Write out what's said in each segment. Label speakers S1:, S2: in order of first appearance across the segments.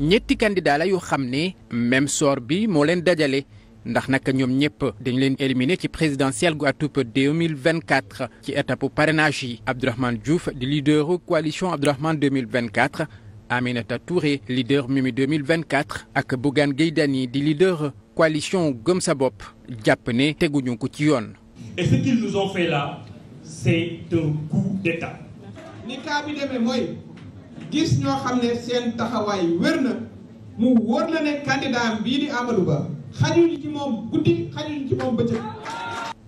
S1: ñetti candidat la yu xam ne même sort bi moo leen dajale ndax naka ñoom ñëpp dañu leen éliminé ci présidentielle gu atub 2024 ci étape parrainage yi Abdourahmane Diouf di leaderu coalition Abdourahmane 2024 Aminata Touré leader Mimi 2024 ak Bougane Gueye Dany di leader coalition Gëm sa bopp jàpp ne teguñu ko ci yoon.
S2: et ce qu'ils nous ont fait là
S1: c'est un coup d'état.
S2: ni cas bi demee mooy. gis ñoo xam ne seen taxawaay wér na mu wóor la ne candidat bii di Amadou Ba xañul ci moom guddi xañul ci moom bëccëg.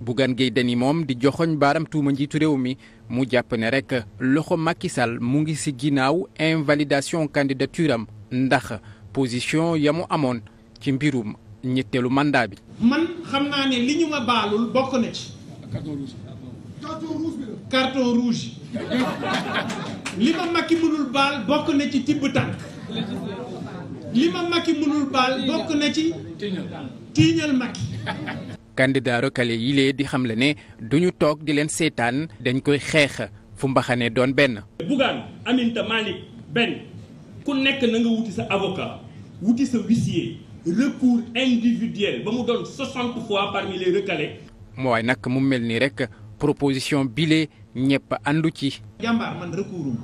S1: Bougane Gueye Dany moom di joxoñ baaram tuuma njiitu réew mi mu jàpp ne rek loxo Macky mu ngi ci ginnaaw invalidation candidature ndax position ya mu amoon ci mbirum ñetteelu mandat bi.
S2: man xam naa ne li ñu ma baalul bokk na ci. li ma Macky mënul baal bokk na ci tibb tànk li ma Macky mënul baal bokk na ci tiiñal Macky
S1: candidat rokale yi lee di xamle ne duñu toog di leen seetaan dañ koy xeex fu mbaxane doon benn
S2: Bougane Aminta Malick benn ku nekk na nga wuti sa avocat wuti sa huissier recours individuel ba mu doon 60 fois parmi les recalés.
S1: mooy nag mu mel nii rekk proposition bile ñëpp àndu ci.
S2: jàmbaar man recours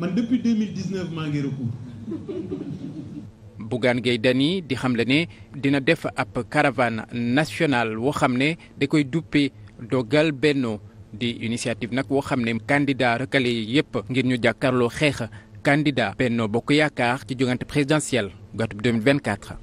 S2: man depuis 2019 maa ngi recours.
S1: Bougane Gueye di xamle ne dina def ab caravane nationale woo xam ne da koy duppe dogal benno di initiative nag woo xam ne candidat recalé yi yëpp ngir ñu jàkkaarloo xeex candidat Benno Bokk Yaakaar ci jongante présidentielle gatub 2024